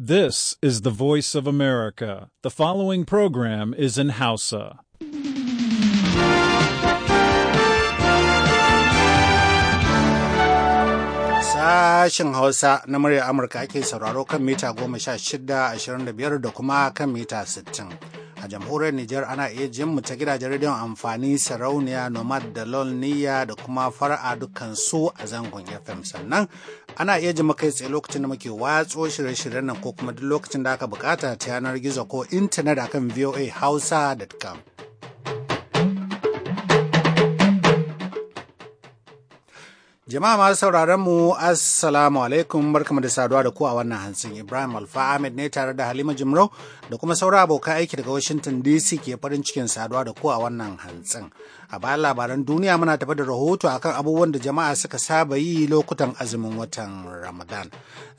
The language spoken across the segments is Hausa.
This is the voice of America. The following program is in Hausa. Sashen Hausa na murya Amurka ake sauraro kan mita goma sha shida, ashirin da biyar da kuma kan mita sittin. jamhuriyar Nijar ana iya jin mu ta gidajen rediyon amfani sarauniya nomad da lolniya da kuma fara'a dukkan su a zangon FM sannan ana iya jin kai tsaye lokacin da muke watso shirye-shiryen nan ko kuma duk lokacin da aka bukata ta yanar gizo ko intanet akan voahausa.com. Jama'a masu sauraron mu Assalamu alaikum barkamu da saduwa da ku a wannan hantsin Ibrahim Alfa Ahmed ne tare da Halima Jimro da kuma sauran abokan aiki daga Washington DC ke farin cikin saduwa da ku a wannan hantsin. A bayan labaran duniya muna tafi da rahoto akan abubuwan da jama'a suka saba yi lokutan azumin watan Ramadan.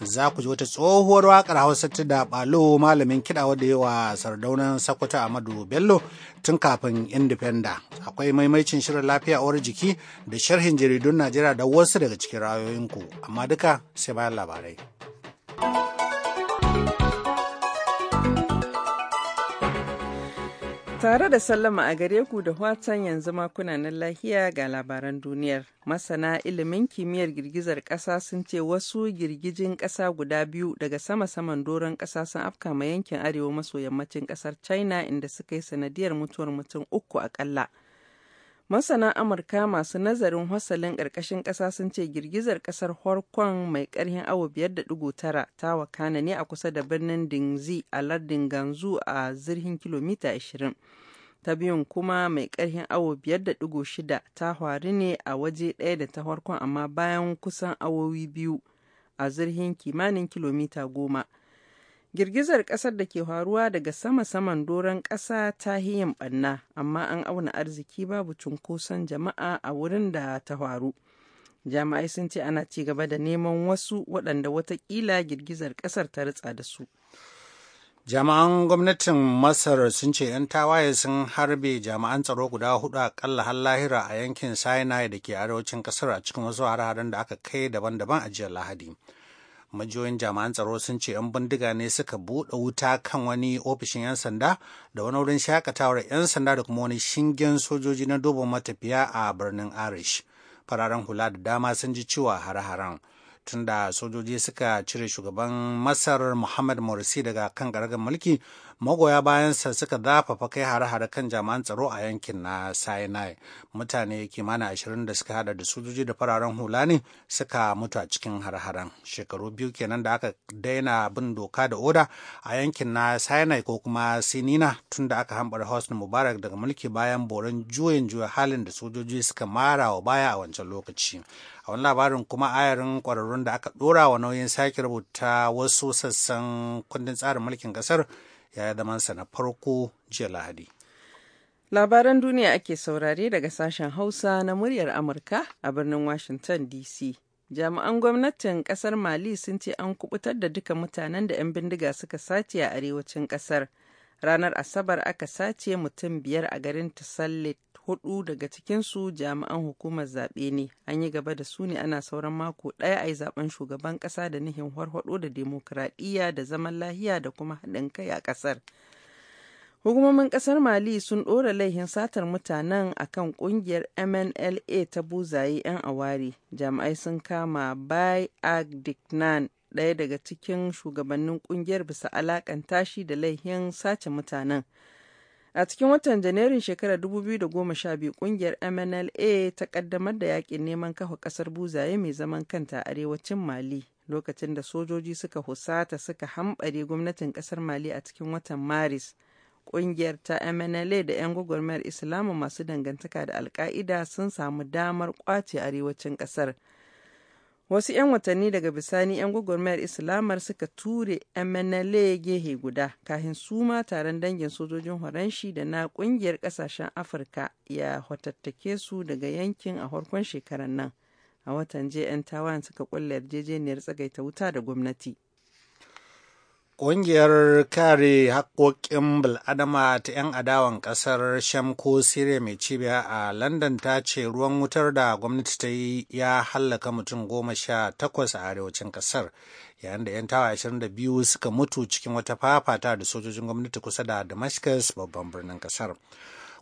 Za ku ji wata tsohuwar waƙar Hausa ta da Balo malamin kiɗa yi yawa sardaunan sakwato Ahmadu Bello tun kafin indipenda Akwai maimaicin shirin lafiya uwar jiki da sharhin jaridun Najeriya da wasu daga cikin rayoyinku. Amma duka sai bayan labarai. Tare da sallama a gare ku da watan yanzu makunanan lahiya ga labaran duniyar. Masana ilimin kimiyyar girgizar ƙasa sun ce wasu girgijin ƙasa guda biyu daga sama-saman doron ƙasa sun afka ma yankin arewa maso yammacin ƙasar China inda suka yi sanadiyar mutuwar mutum uku akalla. Masana Amurka masu nazarin wasalin ƙarƙashin ƙasa sun ce girgizar ƙasar Horkon mai ƙarhin awa 5.9 ta wakana ne a kusa da birnin Dingzi a lardin Ganzu a zirhin kilomita 20. Ta biyun kuma mai ƙarhin awa 5.6 ta hwari ne a waje ɗaya da ta Horkon amma bayan kusan awowi biyu a zirhin kimanin kilomita goma. Girgizar ƙasar da ke faruwa daga sama-saman doron ƙasa ta yin ɓanna, amma an auna arziki babu cunkoson jama'a a wurin da ta faru. Jami'ai sun ce ana ci gaba da neman wasu waɗanda watakila girgizar ƙasar ta ritsa da su. Jami'an gwamnatin Masar sun ce 'yan tawaye sun harbe jami'an tsaro guda hudu kalla har lahira a yankin Sinai da ke arewacin ƙasar a cikin wasu hare da aka kai daban-daban a jiya Lahadi. majiyoyin jami'an tsaro sun ce 'yan bindiga ne suka buɗe wuta kan wani ofishin 'yan sanda da wani wurin shakatawar 'yan sanda da kuma wani shingen sojoji na dubu matafiya a birnin arish fararen hula da dama sun ji cewa hare-haren tunda sojoji suka cire shugaban masar muhammad morsi daga kan garagar mulki magoya bayansa suka zafafa kai hare-hare kan jami'an tsaro a yankin na sinai mutane kimanin ashirin da suka hada da sojoji da fararen hula ne suka mutu a cikin hare-haren shekaru biyu kenan da aka daina bin doka da oda a yankin na sinai ko kuma sinina tun da aka hambar hosni mubarak daga mulki bayan boron juyin juya halin da sojoji suka mara wa baya a wancan lokaci a wani labarin kuma ayarin kwararrun da aka dora wa nauyin sake rubuta wasu sassan kundin tsarin mulkin kasar ya zamansa na farko jiya lahadi labaran duniya ake saurare daga sashen hausa na muryar amurka a birnin washington dc jami'an gwamnatin kasar mali sun ce an kubutar da duka mutanen da 'yan bindiga suka sace a arewacin kasar. ranar asabar aka sace mutum biyar a garin tasallit hudu daga cikinsu jami'an hukumar zaɓe ne an yi gaba da su ne ana sauran mako ɗaya a yi zaben shugaban ƙasa da nihin harhaɗo da demokuraɗiyya da zaman lahiya da kuma haɗin kai a ƙasar hukumomin ƙasar mali sun ɗora laihin satar mutanen a kan ƙungiyar mnla ta buzaye 'yan Awari. jami'ai sun kama bai agdiknan ɗaya daga cikin shugabannin ƙungiyar bisa alaƙanta shi da laihin sace mutanen. A cikin watan Janairun shekarar 2012 ƙungiyar MNLA ta ƙaddamar da yaƙin neman kafa ƙasar buzaye mai zaman kanta a arewacin Mali lokacin da sojoji suka husata suka hambare gwamnatin ƙasar Mali a cikin watan Maris. ƙungiyar ta MNLA da 'yan gwagwarmayar Islamu masu dangantaka da Alka'ida sun samu damar ƙwace arewacin ƙasar. wasu 'yan watanni daga bisani 'yan gwagwarmayar islamar suka ture mnla gehe guda kahin su ma taron dangin sojojin horanshi da na kungiyar kasashen afirka ya hotattake su daga yankin a farkon shekaran nan a watan JN 'yan tawan suka kulle yarjejeniyar tsagaita wuta da gwamnati Ƙungiyar kare haƙoƙin bil'adama ta 'yan adawan ƙasar shamko ko mai cibiya a London ta ce ruwan wutar da gwamnati ta yi ya hallaka mutum goma sha takwas a arewacin ƙasar, yayin da 'yan tawa 22 suka mutu cikin wata fafata da sojojin gwamnati kusa da Damascus babban birnin ƙasar.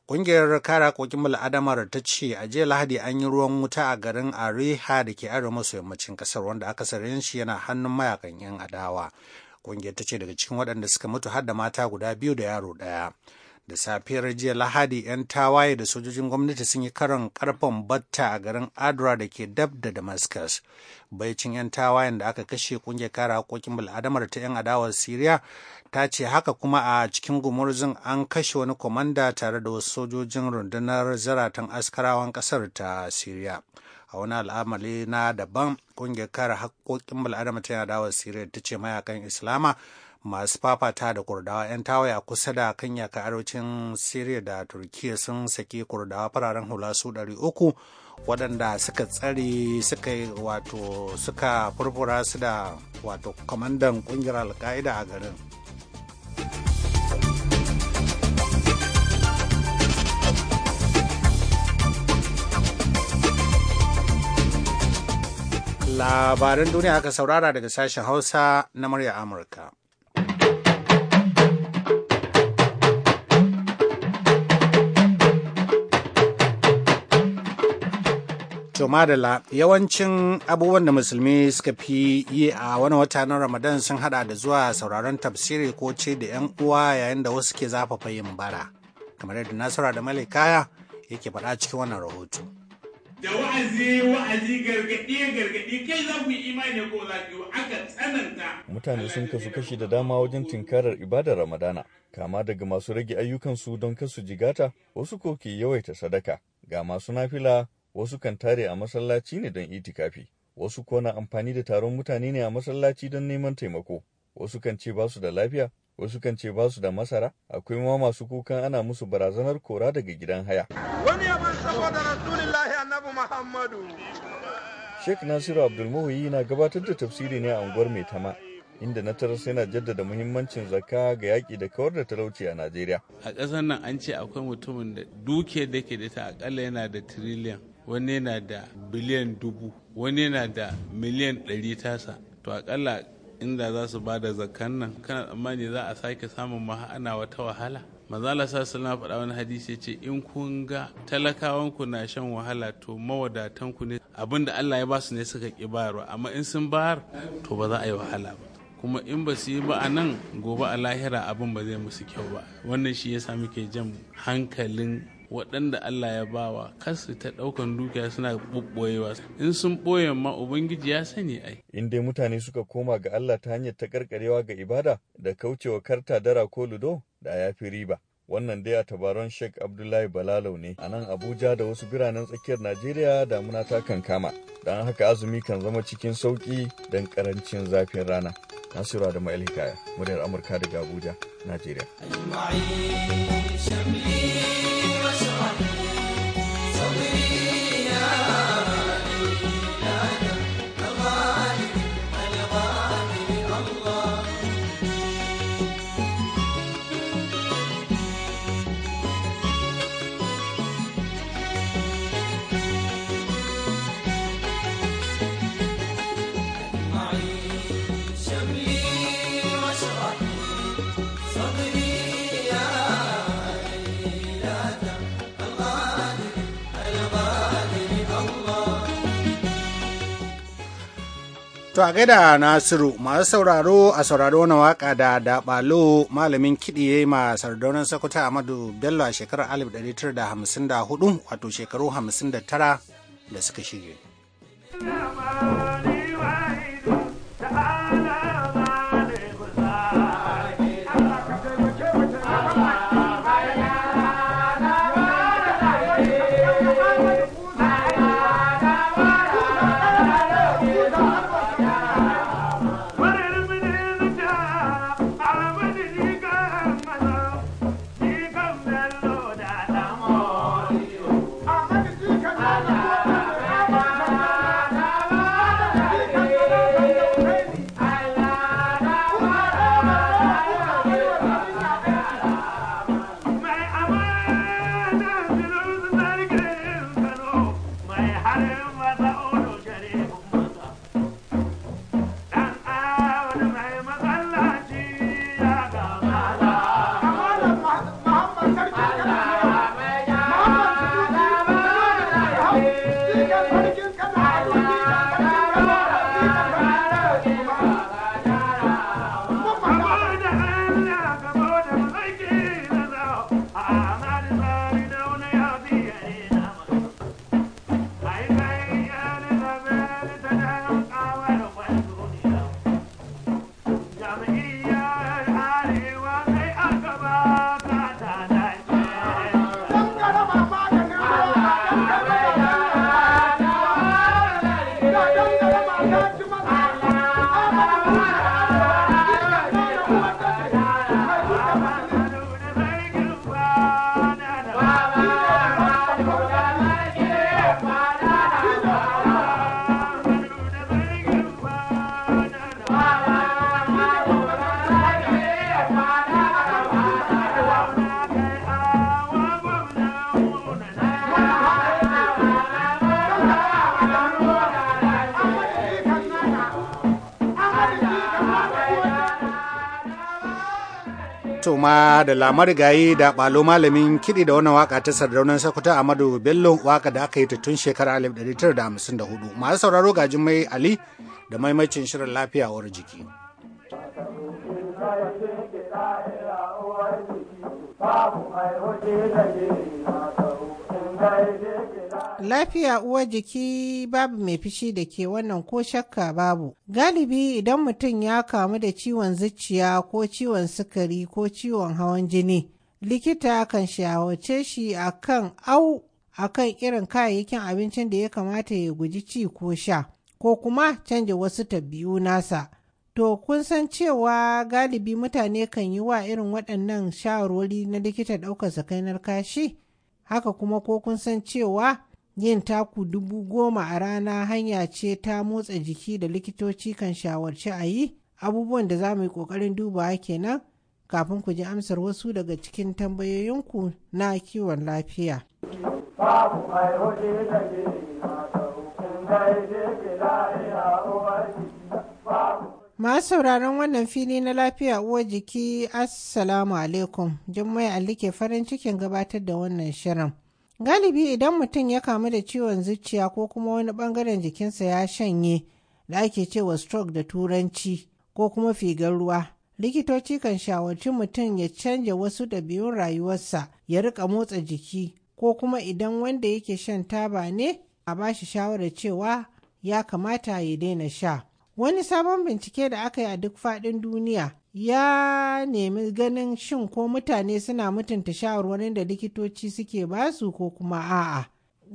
Ƙungiyar kare haƙoƙin bil'adamar ta ce a jiya Lahadi an yi ruwan wuta a garin Ariha da ke arewa maso yammacin ƙasar wanda akasarin shi yana hannun mayakan 'yan adawa. Ƙungiyar ta ce daga cikin waɗanda suka mutu har da mata guda biyu da yaro ɗaya. Da safiyar jiya Lahadi 'yan tawaye da sojojin gwamnati sun yi karin karfan batta a garin Adra da ke dab da Damascus. Baicin 'yan tawayen da aka kashe ƙungiyar kare haƙoƙin bil'adamar ta 'yan adawar Siriya ta ce haka kuma a cikin gumurzun an kashe wani kwamanda tare da wasu sojojin rundunar zaratan askarawan ƙasar ta Siriya. a wani al'amali na daban kungiyar kare haƙƙoƙin bal'adama tana dawo siriya ta ce mayakan islama masu fafata da kurdawa 'yan tawaya kusa da kan yaka arewacin siriya da turkiya sun saki kurdawa fararen hula su 300 waɗanda suka tsare suka wato suka furfura su da wato kwamandan ƙungiyar alka'ida a garin Labaran duniya aka saurara daga sashen Hausa na murya Amurka. To yawancin abubuwan da musulmi suka fi yi a wani wata na Ramadan sun hada da zuwa sauraron tafsiri ko ce da 'yan uwa yayin da wasu ke zafafa yin bara. Kamar yadda Nasara da Malikaya yake faɗa cikin wannan rahoto. da wa'azi wa'azi gargaɗi gargaɗi kai za ku yi imani ko za ku aka tsananta. Mutane sun kasu kashi da dama wajen tinkarar ibadar Ramadana, kama daga masu rage ayyukan su don kasu jigata, wasu ko ke yawaita sadaka, ga masu nafila, wasu kan tare a masallaci ne don itikafi, wasu ko na amfani da taron mutane ne a masallaci don neman taimako, wasu kan ce ba da lafiya, wasu kan ce ba su da masara, akwai ma masu kukan ana musu barazanar kora daga gidan haya. Wani saboda rasulillahi Sheikh Nasiru Abdulmuhi na gabatar da tafsiri ne a unguwar Mai Tama inda na taras yana jaddada muhimmancin zakka ga yaƙi da kawar da talauci a Najeriya. A ƙasar nan an ce akwai mutumin da duke da ke da ta akalla yana da tiriliyan, wani yana da biliyan dubu, wani yana da miliyan ɗari tasa. To akalla inda za su ba da zakkan nan, kana tsammani za a sake samun maha ana wata wahala. manzala sassa na faɗa wani hadisi ce in kun ga talakawanku na shan wahala to mawadatanku ne abin da allah ya ba su ne suka ƙi bayarwa amma in sun bayar to ba za a yi wahala ba kuma in ba su yi ba a nan gobe a lahira abin ba zai musu kyau ba wannan shi yasa muke jan hankalin waɗanda Allah ya bawa kasu ta ɗaukan dukiya suna ɓoɓɓoyewa in sun ɓoye ma ubangiji ya sani ai in dai mutane suka koma ga Allah ta hanyar ta karkarewa ga ibada da kaucewa karta dara ko ludo da ya fi riba. Wannan dai a tabaron Sheikh Abdullahi Balalau ne a nan Abuja da wasu biranen tsakiyar Najeriya damuna ta kan kama. Don haka azumi kan zama cikin sauƙi don ƙarancin zafin rana. Nasura da Ma'il muryar Amurka daga Abuja, Najeriya. To a gaida Nasiru masu sauraro a sauraro na waka da Dabalo malamin kiɗi ya yi ma sardaunan Sokoto Amadu Bello a shekarar 1954 wato shekaru 59 da suka shige. to ma da lamar gayi da balo malamin kiɗi da wannan waka ta sardaunan sakuta Amadu Bello waka da aka yi ta tun shekarar 1954 masu sauraro ga mai Ali da maimacin shirin lafiya jiki. Lafiya uwar jiki babu mai fishi da ke wannan ko shakka babu. Galibi idan mutum ya kamu da ciwon zuciya ko ciwon sukari ko ciwon hawan jini, likita kan shawarce shi akan au akan irin kayayyakin abincin da ya kamata ya guji ci ko sha, ko kuma canja wasu tabbiyu nasa. To, kun san cewa galibi mutane kan yi wa irin waɗannan shawarwari na likita ɗaukar sakainar kashi? Haka kuma ko kun san cewa yin taku dubu goma a rana hanya ce ta motsa jiki da likitoci kan shawarci a yi abubuwan da za mu yi ƙoƙarin dubawa kenan kafin ku ji amsar wasu daga cikin tambayoyinku na kiwon lafiya. Ma sauraron wannan fili na lafiya uwa jiki Assalamu alaikum, Jummai mai ke farin cikin gabatar da wannan shirin. Galibi idan mutum ya kamu da ciwon zuciya ko kuma wani bangaren jikinsa ya shanye da ake cewa stroke da turanci ko kuma figar ruwa, likitoci kan shawarci mutum ya canja wasu ɗabi'un rayuwarsa ya rika motsa jiki ko kuma idan wanda yake shan taba ne a ba shi shawarar cewa ya kamata ya daina sha. Wani sabon bincike da aka yi a duk faɗin duniya ya nemi ganin shin ko mutane suna mutunta shawarwarin da likitoci suke basu ko kuma a'a.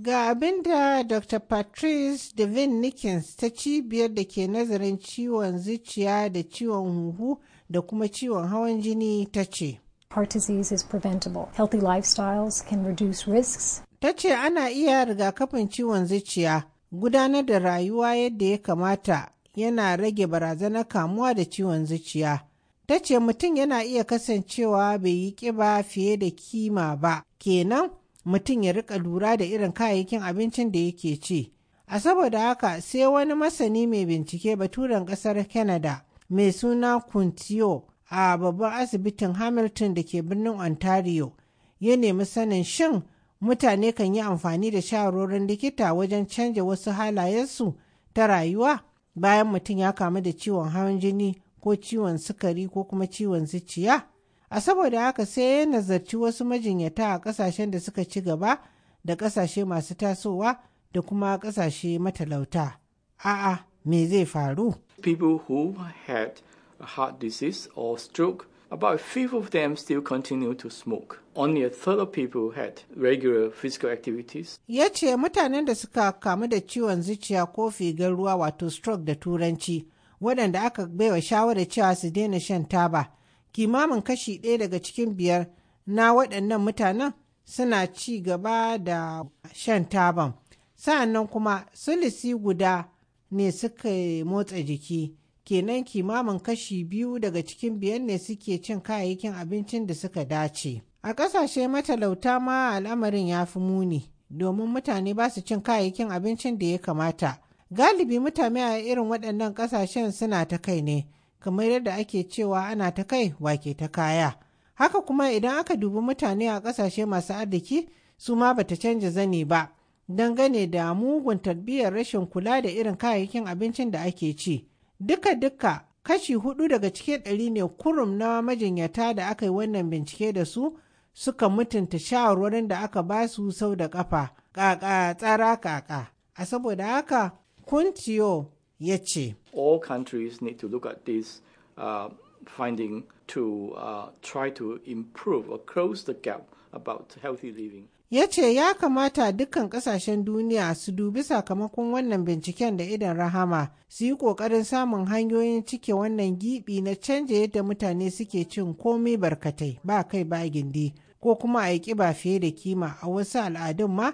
Ga abin da Dr. Patrice Devin Nickens ta cibiyar da ke nazarin ciwon zuciya da ciwon huhu da kuma ciwon hawan jini ta ce. Heart disease is preventable. Healthy lifestyles can reduce risks. Ta ce ana iya rigakafin ciwon zuciya, gudanar da rayuwa yadda ya kamata yana rage barazanar kamuwa da ciwon zuciya. ta ce mutum yana iya kasancewa bai yi ƙiba fiye da kima ba kenan mutum ya rika lura da irin kayayyakin abincin da yake ci a saboda haka sai wani masani mai bincike baturen ƙasar canada mai suna kuntiyo a babban asibitin hamilton da ke birnin ontario ya nemi sanin shin mutane kan yi amfani da shawarorin likita wajen canja wasu halayensu ta rayuwa bayan mutum ya kamu da ciwon hawan jini ko ciwon sukari ko kuma ciwon zuciya a saboda haka sai ya nazarci wasu majinyata a ƙasashen da suka ci gaba da ƙasashe masu tasowa da kuma ƙasashe matalauta a'a me zai faru people who had heart disease or stroke about a fifth of to smoke. Only a third had regular physical activities. Ya ce mutanen da suka kamu da ciwon zuciya ko figar ruwa wato stroke da turanci waɗanda aka baiwa shawarar cewa su daina shan taba kimamin kashi ɗaya daga cikin biyar na waɗannan mutanen suna ci gaba da shan taban sa'annan kuma sulisi guda ne suka motsa jiki kenan kimamin kashi biyu daga cikin biyar ne suke cin kayayyakin abincin da suka dace a ƙasashe matalauta ma al'amarin ya fi muni domin mutane ba su cin kayayyakin abincin da ya kamata Galibi mutane a irin waɗannan ƙasashen suna ta kai ne, kamar yadda ake cewa ana ta kai wake ta kaya. Haka kuma idan aka dubi mutane a ƙasashe masu arziki su ma bata canja zani ba, dangane da mugun tarbiyyar rashin kula da irin kayayyakin abincin da ake ci. Duka-duka kashi hudu daga cikin ɗari ne kurum na majinyata da aka yi wannan bincike da su suka mutunta shawarwarin da aka ba su sau da ƙafa, ƙaƙa tsara ƙaƙa. A saboda haka Kuntiyo ya ce, All countries need to look at this uh, finding to uh, try to improve or close the gap about healthy living. Ya ce ya kamata dukkan kasashen duniya su dubi sakamakon wannan binciken da idan rahama su yi kokarin samun hanyoyin cike wannan gibi na canja yadda mutane suke cin komai barkatai ba kai ba gindi ko kuma a yi kiba fiye da kima a wasu al'adun ma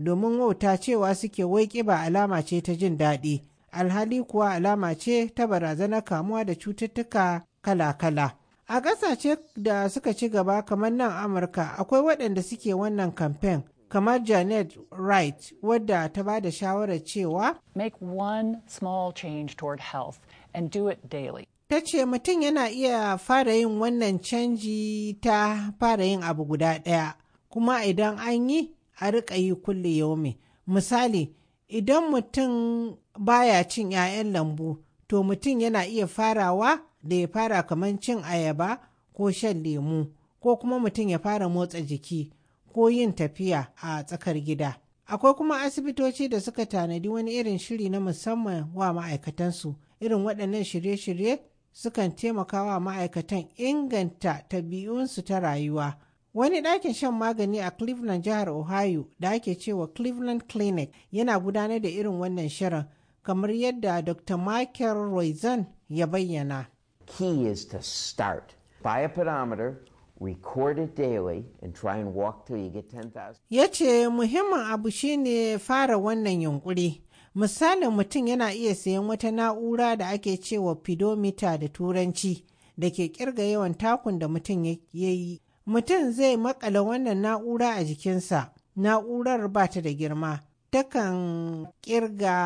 domin wauta cewa suke waiƙe ba alama ce ta jin daɗi alhali kuwa alama ce ta barazanar kamuwa da cututtuka kala-kala a ƙasashe da suka ci gaba kamar nan amurka akwai waɗanda suke wannan kamfen kamar janet wright wadda ta ba da shawarar cewa make one small change toward health and do it daily ta ce mutum yana iya fara yin wannan canji ta fara yin abu guda ɗaya kuma idan an yi a riƙa yi kulle yaumi misali idan mutum baya cin 'ya'yan lambu to mutum yana iya farawa da ya fara kamar cin ayaba ko shan lemu ko kuma mutum ya fara motsa jiki ko yin tafiya a tsakar gida akwai kuma asibitoci da suka tanadi wani irin shiri na musamman wa ma'aikatansu irin waɗannan shirye-shirye sukan taimaka wa ma'aikatan inganta tabi'unsu ta rayuwa Wani ɗakin shan magani a Cleveland jihar Ohio da ake cewa Cleveland Clinic yana gudanar da irin wannan shirin kamar yadda Dr. Michael Roizen ya bayyana. Key is to start Buy a pedometer record it daily and try and walk till you get 10,000. Ya ce muhimmin abu shine fara wannan yunkuri. Misalin mutum yana iya sayan wata na'ura da ake cewa pedometer da turanci da ke kirga yawan takun da mutum ya yi mutum zai makala wannan na'ura a jikinsa na'urar ba ta da girma takan kirga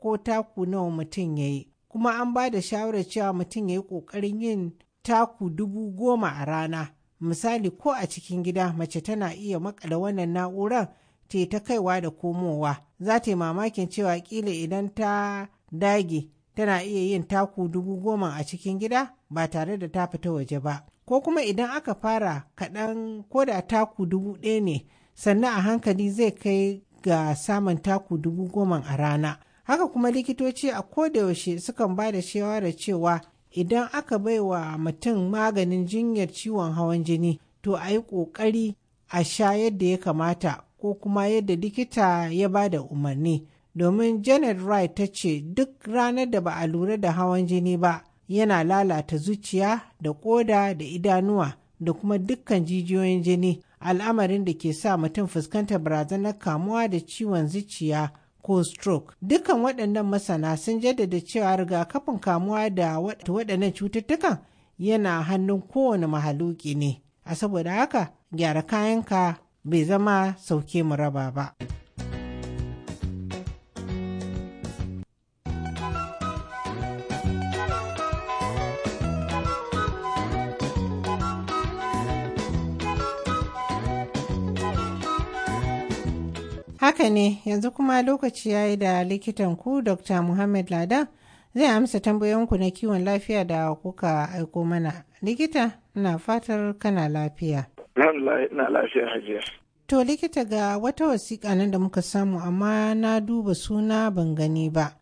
ko taku nawa mutum ya yi kuma an ba da shawarar cewa mutum ya yi ƙoƙarin yin taku dubu goma a rana misali ko a cikin gida mace tana iya makala wannan na'urar te ta kaiwa da komowa za ta yi mamakin cewa kila idan ta dage tana iya yin taku dubu goma a cikin gida ba tare da ta fita waje ba ko kuma idan aka fara kaɗan ko da taku dubu ɗaya ne sannan a hankali zai kai ga samun taku dubu goma a rana haka kuma likitoci a kodayaushe sukan ba da shawara cewa idan aka bai wa mutum maganin jinyar ciwon hawan jini to a yi ƙoƙari a sha yadda ya kamata ko kuma yadda likita ya ba da umarni domin janet wright ta ce duk ranar da ba a lura da hawan jini ba yana lalata zuciya da ƙoda da idanuwa da kuma dukkan jijiyoyin jini al'amarin da ke sa mutum fuskantar barazanar kamuwa da ciwon zuciya ko stroke. Dukkan waɗannan masana sun jaddada cewa rigakafin kamuwa da waɗannan cututtukan yana hannun kowane mahaluki ne. A saboda haka gyara kayanka bai zama sauke mu raba ba. Haka ne, yanzu kuma lokaci ya yi da likitan ku Dr. Muhammad lada zai amsa tambayoyinku na kiwon lafiya da kuka aiko mana. Likita, ina fatar kana lafiya. Na lafiya hajiya. To likita ga wata wasiƙa nan da muka samu amma na duba suna ban gani ba.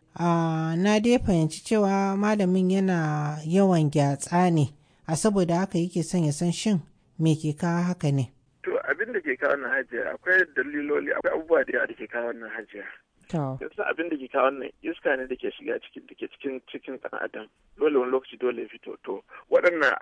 na dai fahimci cewa malamin yana yawan gyatsa ne, a saboda haka yake son ya san shin me ke kawo haka ne. da ke kawo wannan hajiya akwai daliloli akwai abubuwa da yawa da ke kawo wannan hajiya yanzu abin da ke kawo wannan iska ne da ke shiga cikin da ke cikin cikin ɗan adam dole wani lokaci dole ya fito to waɗannan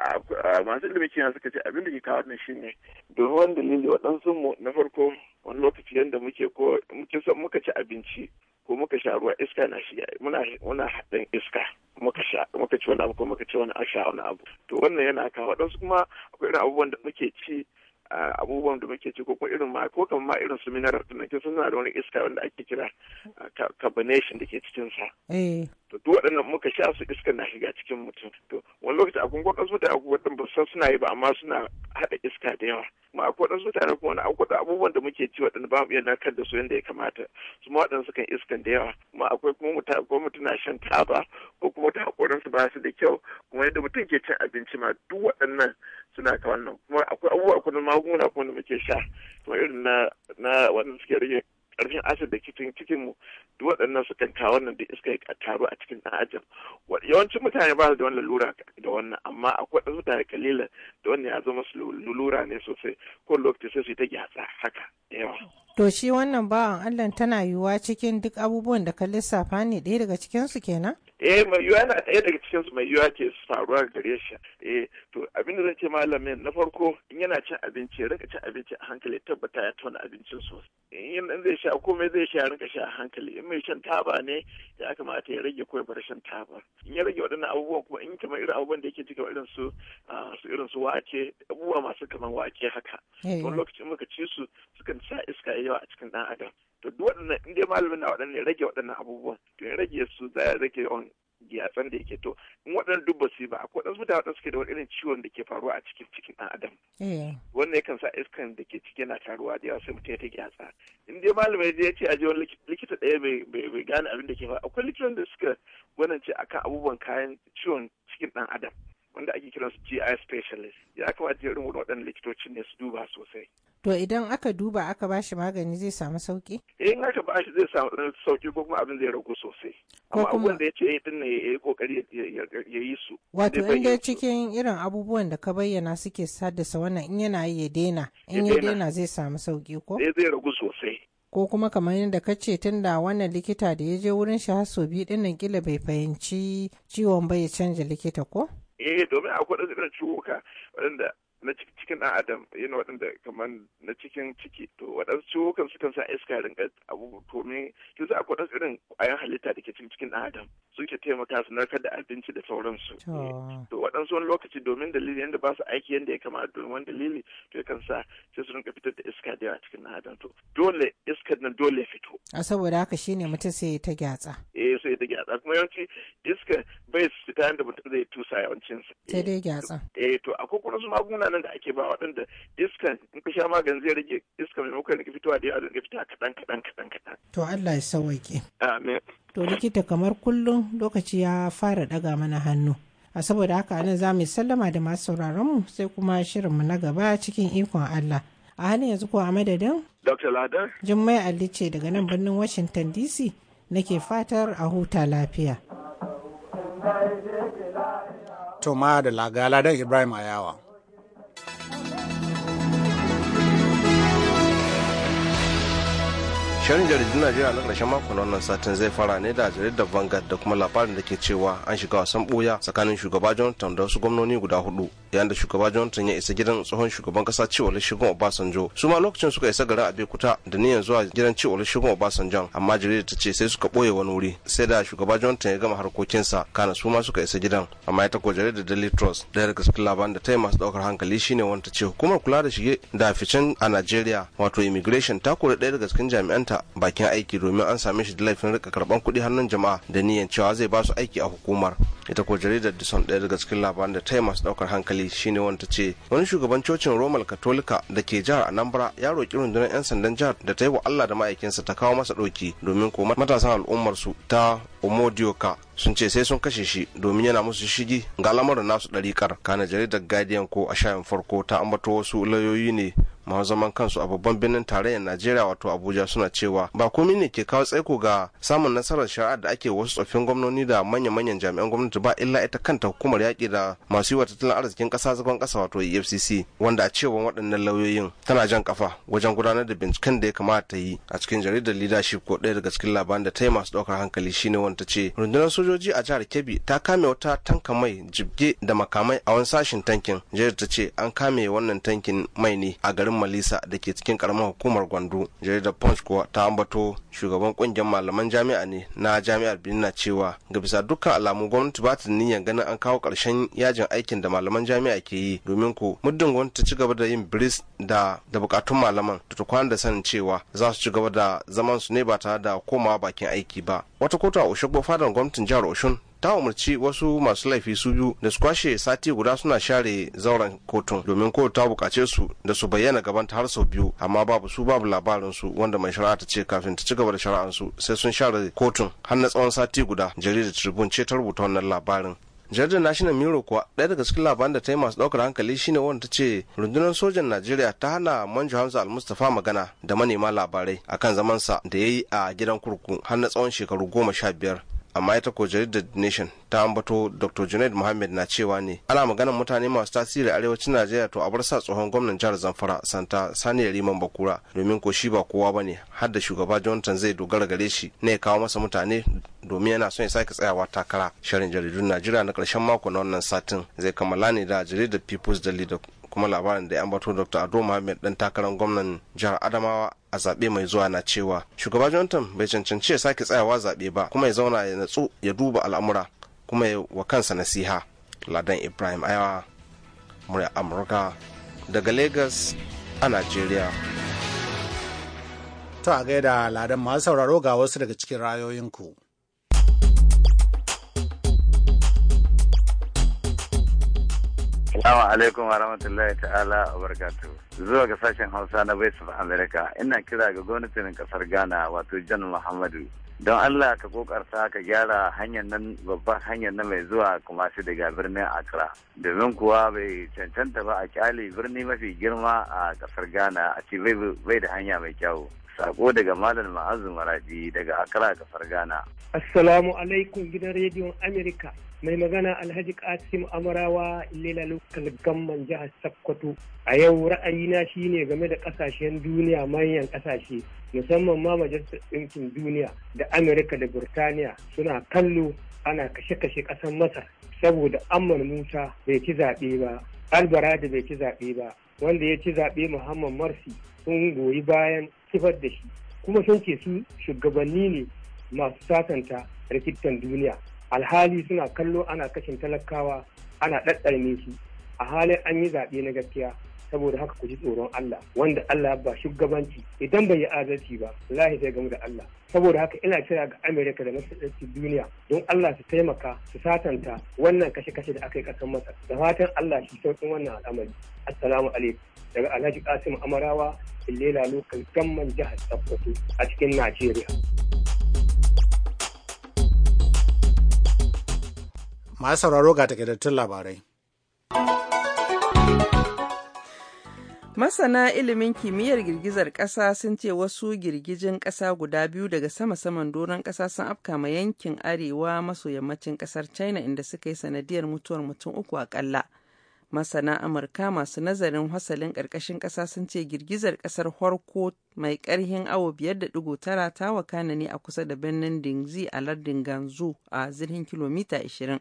masu ilimi kimiyya suka ce abin da ke kawo wannan shine domin wani dalili waɗansu mu na farko wani lokaci yadda muke ko muke son muka ci abinci ko muka sha ruwa iska na shiga muna muna haɗin iska muka sha muka ci wani abu ko muka ci wani asha wani abu to wannan yana kawo waɗansu kuma akwai irin abubuwan da muke ci abubuwan da muke ci ko kuma irin ma ko kamar ma irin su mineral din suna da wani iska wanda ake kira carbonation da ke cikin sa eh. to duk waɗannan muka sha su iskar na shiga cikin mutum to wani lokaci akwai su da akwai ba san suna yi ba amma suna haɗa iska da yawa kuma akwai su tare kuma wani akwai abubuwan da muke ci waɗanda ba mu iya narkar da su yadda ya kamata su ma waɗanda kan iskan da yawa kuma akwai kuma mutum na shan taba ko kuma ta su ba su da kyau kuma yadda mutum ke cin abinci ma duk waɗannan suna ka wannan kuma akwai abubuwa na magunguna kuma da muke sha kuma irin na na wannan suke rage karfin acid da cikin cikin mu duk waɗannan su kan kawo wannan da iska ya taru a cikin ɗan ajin yawancin mutane ba su da wannan lura da wannan amma akwai ɗan mutane kalila da wannan ya zama su lura ne sosai ko lokaci sai su yi ta gyatsa haka yawa To shi wannan bawan Allah tana yiwuwa cikin duk abubuwan da ka lissafa ne ɗaya daga cikinsu kenan? Eh mai yiwuwa na ɗaya daga cikinsu mai yiwuwa ke faruwa gare shi. Eh to abin da zan ce malamin na farko in yana cin abinci rinka cin abinci a hankali tabbata ya tona abincin sosai. In zai sha komai zai sha rinka sha a hankali in mai shan taba ne ya kamata ya rage ko ya bar shan taba. In ya rage waɗannan abubuwan kuma in kamar irin abubuwan da yake cikin irin su su irin su wake abubuwa masu kamar wake haka. Eh. Wani lokacin muka ci su sukan sa iska yawa a cikin ɗan adam to duk waɗannan in dai malamin na waɗannan rage waɗannan abubuwan to ya rage su za ya rage yawan giyatsan da yake to in waɗannan duk ba su ba akwai ɗansu mutane waɗanda suke da wani irin ciwon da ke faruwa a cikin cikin ɗan adam eh. wannan yakan sa iskan da ke ciki na taruwa da yawa sai mutum ya ta gyatsa in dai malamin ya ce a je wani likita ɗaya bai gane abin da ke faruwa akwai likitan da suka gwanance akan abubuwan kayan ciwon cikin ɗan adam wanda ake kiransu GI specialist ya kamata irin waɗannan likitocin ne su duba sosai to idan aka duba aka ba shi magani zai samu sauki? eh in aka ba shi zai samu sauki ko kuma abin zai ragu sosai amma abin da ya ce ya dinna ya yi kokari ya yi su wato in dai cikin irin abubuwan da ka bayyana suke haddasa wannan in yana yi ya dena in ya dena zai samu sauki ko eh, zai ragu sosai ko kuma kamar yadda ka ce tun da wannan likita da ya je wurin shi har sau biyu dinnan kila bai fahimci ciwon bai ya canja likita ko eh domin akwai ɗan ciwuka waɗanda na cikin ɗan adam yana waɗanda kamar na cikin ciki to waɗansu su kan sa iska rinka abubuwa to me ki za a kwaɗa irin ƙwayan halitta da ke cikin cikin ɗan adam suke taimaka su narkar da abinci da sauransu to waɗansu wani lokaci domin dalili yadda ba su aiki yadda ya kamata domin wani dalili to kan sa sai su rinka fitar da iska da yawa cikin ɗan adam to dole iskar nan dole ya fito. a saboda haka shine mutum sai ta gyatsa. eh sai ta gyatsa kuma yawanci iska bai fita yadda mutum zai tusa yawancinsa. sai dai eh. gyatsa. eh to akwai kuma su magunguna mutanen da ake ba waɗanda iskan in ka sha magani zai rage iskan maimakon ka fitowa da yawa da fita kaɗan kaɗan kaɗan kaɗan. To Allah ya sawaike. Amin. To likita kamar kullum lokaci ya fara ɗaga mana hannu. A saboda haka anan za mu sallama da masu sauraronmu sai kuma shirin mu na gaba cikin ikon Allah. A halin yanzu ko a madadin? Dr. Ladar. Jummai Ali ce daga nan birnin Washington DC nake fatar a huta lafiya. Toma da Lagala don Ibrahim Ayawa. shirin jaridun najeriya na karshen makon wannan satin zai fara ne da jaridar vanguard da kuma labarin da ke cewa an shiga wasan ɓuya tsakanin shugaba jonathan da wasu gwamnoni guda hudu yayin da shugaba johnson ya isa gidan tsohon shugaban kasa cewa olusegun obasanjo su ma lokacin suka isa garin abeokuta da niyan zuwa gidan cewa olusegun obasanjo amma jarida ta ce sai suka boye wani wuri sai da shugaba johnson ya gama harkokinsa kana su ma suka isa gidan amma ya ko jarida daily trust da daga cikin labaran da ta yi masu daukar hankali shine wanda ce hukumar kula da shige da ficen a nigeria wato immigration ta kori ɗaya daga cikin jami'anta bakin aiki domin an same shi da laifin rika karban kuɗi hannun jama'a da niyan cewa zai ba su aiki a hukumar ita ko jaridar dison ɗaya daga cikin labaran da ta yi masu ɗaukar hankali shine wanda ce wani shugaban cocin romal katolika da ke jihar anambra ya roƙi rundunar 'yan sandan jihar da ta yi wa allah da ma'aikinsa ta kawo masa ɗauki domin ko matasan al'ummarsu ta omodioka sun ce sai sun kashe shi domin yana musu shigi ga lamarin nasu ɗarikar kana jaridar guardian ko a shayin farko ta ambato wasu lauyoyi ne masu zaman kansu a babban birnin tarayyar najeriya wato abuja suna cewa ba komi ne ke kawo tsaiko ga samun nasarar shari'ar da ake wasu tsoffin gwamnoni da manya-manyan jami'an gwamnati ba illa ita kanta hukumar yaƙi da masu yi wa tattalin arzikin ƙasa zagon ƙasa wato efcc wanda a cewa waɗannan lauyoyin tana jan kafa wajen gudanar da binciken da ya kamata ta yi a cikin jaridar leadership ko ɗaya daga cikin labaran da ta yi masu ɗaukar hankali shine wanda ta ce rundunar sojoji a jihar kebbi ta kame wata tanka mai jibge da makamai a wani sashen tankin jihar ta ce an kame wannan tankin mai ne a garin malisa da ke cikin karamar hukumar gwandu jaridar da punch kuwa ta ambato shugaban kungiyar malaman jami'a ne na jami'ar na cewa ga bisa dukkan alamu gwamnati ba ta niyyar ganin an kawo karshen yajin aikin da malaman jami'a ke yi domin ko muddin gwamnati ci gaba da yin biris da da bukatun malaman da ta kwana da sanin cewa za su ci gaba da zaman su ne ba tare da komawa bakin aiki ba wata kotu a ushagbo fadar gwamnatin jihar oshun ta umarci wasu masu laifi su biyu da su kwashe sati guda suna share zauren kotun domin kotu ta bukace su da su bayyana gaban ta har sau biyu amma babu su babu labarin su wanda mai shari'a ta ce kafin ta ci gaba da shari'ansu sai sun share kotun har na tsawon sati guda jaridar tribune ce ta rubuta wannan labarin jaridar national mirror kuwa ɗaya daga cikin labaran da ta yi masu ɗaukar hankali shine wanda ta ce rundunar sojan najeriya ta hana manjo hamza almustapha magana da manema labarai akan zamansa da ya yi a gidan kurkuku har na tsawon shekaru goma sha biyar amma ita ko jaridar nation ta ambato dr junaid muhammad na cewa ne ana maganar mutane masu tasiri arewacin najeriya to a bar sa tsohon gwamnan jihar zamfara santa sani riman bakura domin ko shi ba kowa ba ne har da shugaba jonathan zai dogara gare shi na ya kawo masa mutane domin yana son ya sake tsayawa takara shirin jaridun najeriya na karshen mako na wannan satin zai kammala ne da jaridar people's daily da kuma labarin da ya ambato dr ado muhammad dan takarar gwamnan jihar adamawa a zaɓe mai zuwa na cewa shugaban johnson bai cancanci ya sake tsayawa zaɓe ba kuma ya zauna ya natsu ya duba al'amura kuma ya wa kansa nasiha ladan ibrahim ayawa murya amurka daga lagos a nigeria ta gaida ladan masu sauraro ga wasu daga cikin rayoyinku. ku Assalamu alaikum wa rahmatullahi ta'ala wa barakatuhu. Zuwa ga sashen Hausa na Voice of America, ina kira ga gwamnatin kasar Ghana wato Jan Muhammadu. Don Allah ka kokarta ka gyara hanyar nan babban hanyar nan mai zuwa kuma shi daga birnin Accra. Domin kuwa bai cancanta ba a kyale birni mafi girma a kasar Ghana a ce bai da hanya mai kyau. sako daga Malam Ma'azu Maradi daga Accra kasar Ghana. Assalamu alaikum gidan rediyon Amerika. mai magana alhaji kasim amarawa lela lokal gamman jihar sakkwato a yau ra'ayina shine game da kasashen duniya manyan kasashe musamman ma majalisar ɗinkin duniya da amurka da burtaniya suna kallo ana kashe-kashe ƙasar masar saboda amman musa bai ci zaɓe ba albara da bai ci zaɓe ba wanda ya ci zaɓe muhammad marsi sun goyi bayan kifar da shi kuma sun ce su shugabanni ne masu satanta rikitan duniya alhali suna kallo ana kashin talakawa ana ɗaɗɗarme su a halin an yi zaɓe na gaskiya saboda haka ku ji tsoron Allah wanda Allah ba shugabanci idan bai yi adalci ba lahi zai gamu da Allah saboda haka ina kira ga Amerika da masu duniya don Allah su taimaka su satanta wannan kashe-kashe da aka yi ƙasar Masar da fatan Allah shi sauƙin wannan al'amari assalamu alaikum daga Alhaji Kasim Amarawa Illela Lokal Gamman Jihar Sokoto a cikin Najeriya. masu sauraro ga takaitattun labarai. Masana ilimin kimiyyar girgizar ƙasa sun ce wasu girgijin ƙasa guda biyu daga sama-saman doron ƙasa sun afka ma yankin arewa maso yammacin ƙasar China inda suka yi sanadiyar mutuwar mutum uku akalla. masana amurka masu nazarin hasalin ƙarƙashin ƙasa sun ce girgizar ƙasar horko mai ƙarhin awo 5.9 ta wakana ne a kusa da birnin dingzi a lardin ganzu a zirhin kilomita 20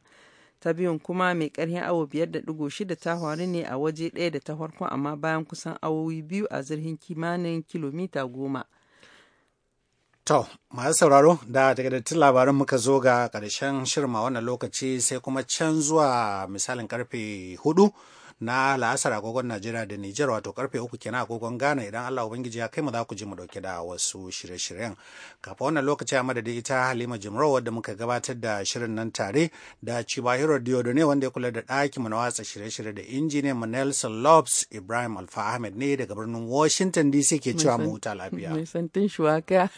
ta biyun kuma mai ƙarhin awo 5.6 ta faru ne a waje ɗaya da ta farko amma bayan kusan awowi biyu a zirhin kimanin kilomita 10 To, masu sauraro da takardattun labarin muka zo ga ƙarshen shirma wannan lokaci sai kuma can zuwa misalin karfe hudu na la'asar agogon Najeriya da Nijar wato karfe uku kenan agogon Ghana idan Allah Ubangiji ya kai mu za ku ji mu dauke da wasu shirye-shiryen. Kafin wannan lokaci a madadin ita Halima Jimro wadda muka gabatar da shirin nan tare da Chibahiro Diodone wanda ya kula da ɗakin mu na watsa shirye-shirye da injiniyan mu Nelson Lopes Ibrahim Alfa Ahmed ne daga birnin Washington DC ke cewa mu huta lafiya. Mai santin shuwaka.